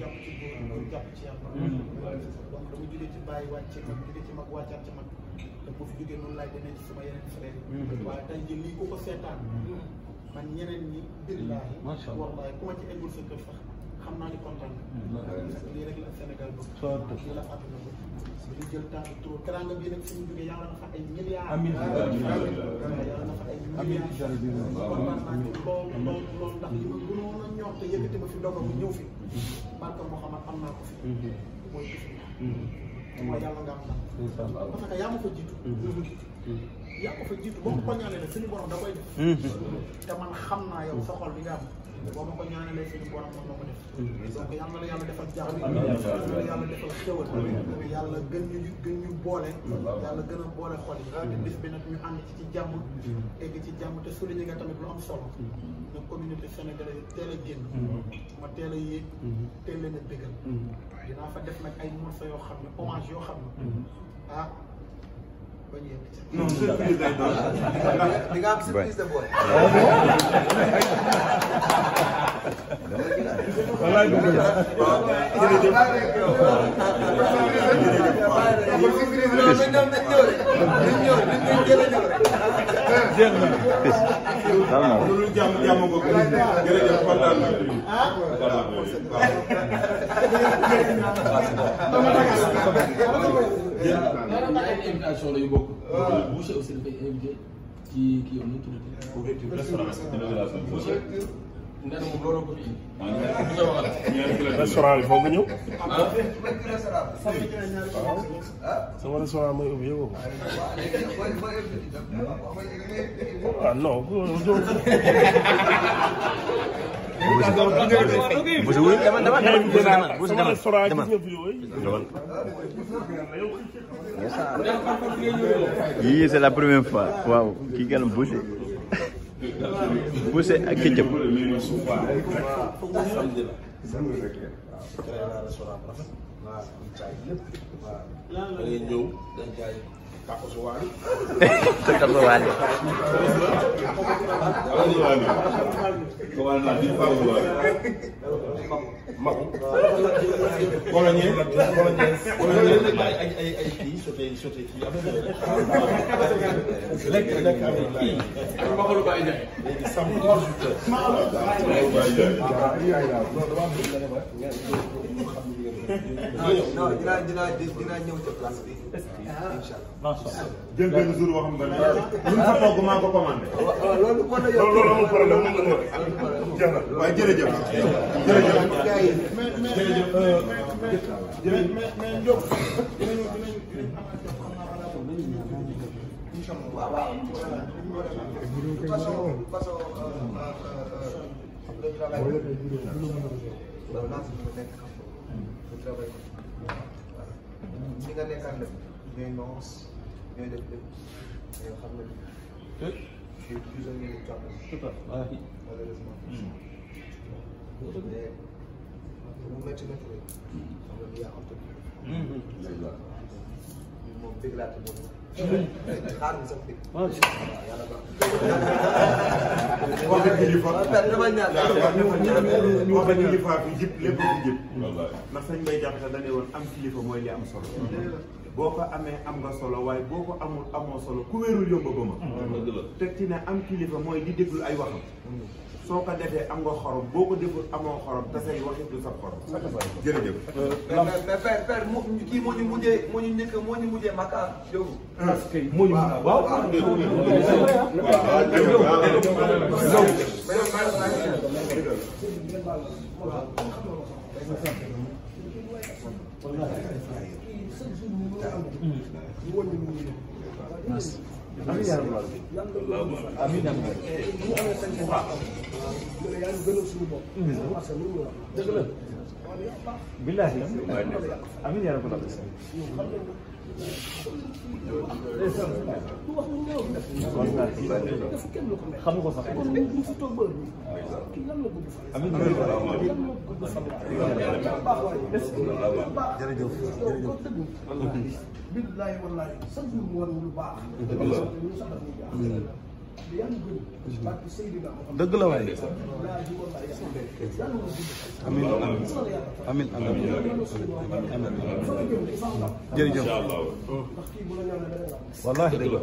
jàpp ci góor jàpp ci yàlla donc dama jógee ci bàyyi wàcce dama jógee ci mag wàccaat ci mag te bu fi jógee noonu laay demee ci sama yeneen frère waaye tey jii lii ku ko seetaan man ñeneen ñi billaahi ku ma ci eggul sa kër sax xam naa ni kontaan na lii rek la Sénégal bëgg lii la àdduna a ñor te soxla boo xam ne am naa ko fi. Mhm. mooy bisimilah. mooy yàlla nga am na. incha allah parce que yaa ma fa jiitu. Mhm. yaa ko fa jiitu ba mhm. mu ko ñaanee rek suñu borom da koy def. te man xam naa yow sa xol li nga am. boo ma ko ñaanalee suñu borom moom moo ko def. Mm. donc yal na la yàlla defal jàmm. yàlla defal xéwal. yàlla gën ñu gën ñu boole. Mm. yàlla gën a boole xol yi. Mm. bis bi nag ñu ànd ci ci jàmm. egg ci jàmm te souligné nga tamit lu am solo. na communauté sénégalaise teel a génn. ma teel a yéeg. teel leen a dëggal. dinaa fa def nag ay morceaux yoo xam ne hommage yoo xam ne. non surprise day doon. di nga am surprise de boy. walaay dugg na. jërëjëf ay invitation la yu bokk. waaw boucher aussi dafay invité ci kii am nu mu tuddati. couverture restaurant boucher nee na moom looloo ko fi indi. Ah, restaurant bi foog nga ñëw. Ah. Ah. sama restaurant mooy ubbi ah non. Boucher wuyu dama dama dama Boucher dama Boucher dama dama. yii c'est la première fois waaw kii kanam Boucher. Boucher ak Ketchup. waaw. Takkusu Waly. Takkusu Waly. Takkusu Waly. non dinaa dinaa dinaa ñëw ci place bi. incha allah. jël benn jour boo xam nga ne. lu fa togg maa ko commandé. loolu mën na yokk loolu amul problème mën na ko. jeex na waaye jërëjëf. jërëjëf jërëjëf. jërëjëf mais mais Diop. dinañu dinañu dinañu waaw waaw. façon façon le travail. pour travail ko nga nekkaan la ñooy noos ñooy def lépp mais xam nga ni. je suis prisonnier du temps. tout à fait malheureusement. mais bu métti métti rek. xam nga ni yaa am moom dégg laa tudd moom. xaaruñ sax dégg. Ah, waaw yàlla baax. wax dëgg yi wax dëgg yi foofu jëpp lépp lu jëpp. ndax sëñ Mbaye woon am mooy li am boo ko amee am nga solo waaye boo ko amul amoo solo ku wéerul yomb ba ma. teg ci ne am kilifa mooy di déglu ay waxam. soo ko defee am nga xorom boo ko deful amoo xorom te say wax du sa xorom. jërëjëf. mais père père mu kii moo ñu mujjee moo ñu njëkk moo ñu mujjee Makka Diop. parce e moo ñu. waaw waaw waaw. waaw amiin yaa rabbal amiin amiin amiin yaa rabbal xam ko sax amiin jërëjëf jërëjëf billahi wallahi dëgg la waay amiin amiin amiin jërëjëf wallaahi dëgg la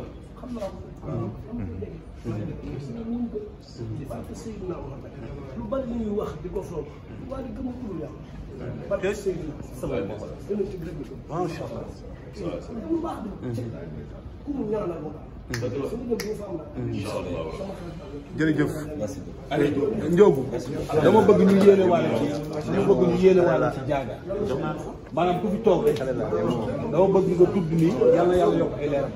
lu bari lu ñuy wax di ko soog waaye gëm a kul yàlla barke Seydina sama bopp la gën a ci rek lu baax di ku mu ñaanal jërëjëf. Ndiogu dama bëgg ñu yéene waale ci dama bëgg ñu yéene waale ci jaaga maanaam ku fi toog rek dama bëgg nga a ni yàlla yàlla yokk ay leer.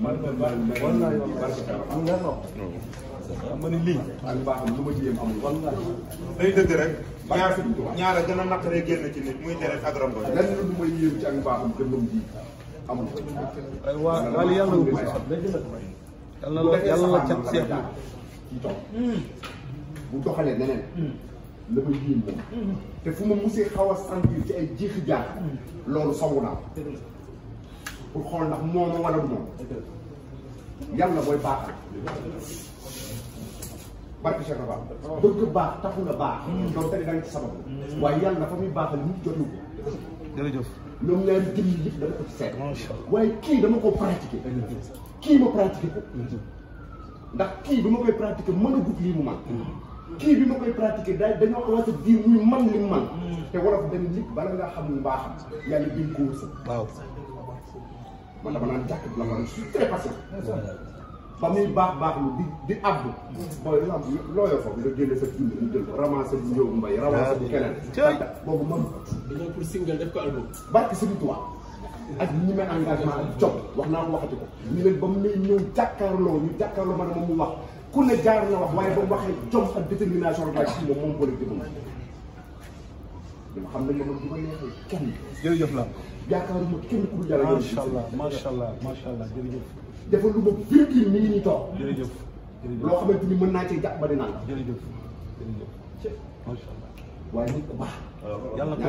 man ma ne lii. lu ma ci yem amul. day dëgg rek. ñaar ñaar a gën a naqaree génn ci nit muy deret ak rombo lan lu may yéem ci ak mbaaxam jëmmam ji amul waa waa li yàlla bu la yàlla la cat seex ci toog hmm. bu doxalee neneen hmm. la ma yéem moom hmm. te fu ma musee xaw a sentir ci ay jiixi jaar loolu moom wala moom yàlla barke Cheikh Raval. bëgg baax taxu la baax. donc tey da nga ci sabab. Mm. waaye yàlla dafa muy baaxal nit jotu ko. jërëjëf. ñoom ñaari jëm yi yëpp dama ko ci waaye kii dama ko kii ma pratiqué ko. ndax kii bi ma koy man mën a gudd lii mu ma kii bi ma koy pratiqué daal dañoo commencé di muy man li man mm. te wolof dañ nit bala ngaa xam lu baax yàlla biñ ko wërsëg. waaw. man dama naan jàkk bi la ma ne je suis très ba muy baax baax lu di di abdu booy lamb loo yor foofu nga génne sa junni ñu jël ko ramassé bu njóobu mbay ramassé bu keneen ah, boobu man dañoo pour single def ko album barke Sëriñ Tuubaa ak ñi may engagement ak jot wax naa ko waxati ko ñu leen ba mu ne ñëw jàkkaarloo ñu jàkkaarloo ma moom mu wax ku ne jaar na wax waaye ba mu waxee jom ak détermination rek ci moom moom politique moom dama xam ne moom du ma neexee kenn jërëjëf la yaakaaruma kenn ku dul yàlla defal lu ma virgule mi ngi ñuy toog. jërëjëf jërëjëf loo xamante ni mën naa ci jàpp naa di naan. jërëjëf jërëjëf. macha waaye nit ku baax. yàlla ko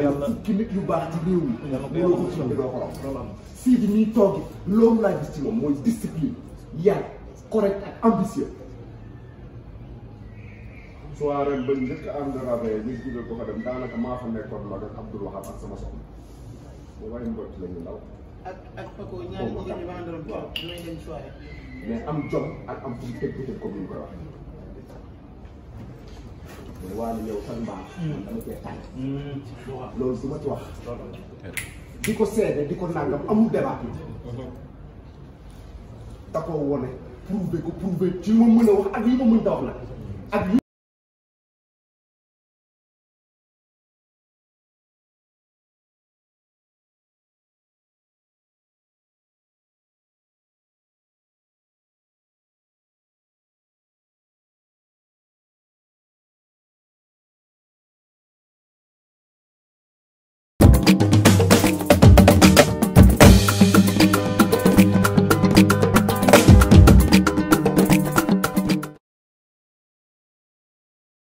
yu baax ci réew mi. yàlla sii di ñuy toog loolu laa gis ci moom mooy discipline yar correct ak ambitieux. soirée ba njëkk a ànd rabais ñu jublu ko fa dem daanaka maa fa nekkoon la doon ak ak Paco ñaari jigéen ñi ma àndaloon damay mais am jom am fu mu teg bëtëb comme ni ñu koy waxee. ma ci wax. di ko seede di ko nangam amul hmm. da koo wone prouver ko prouver ci li ma mën ma mënta wax nag.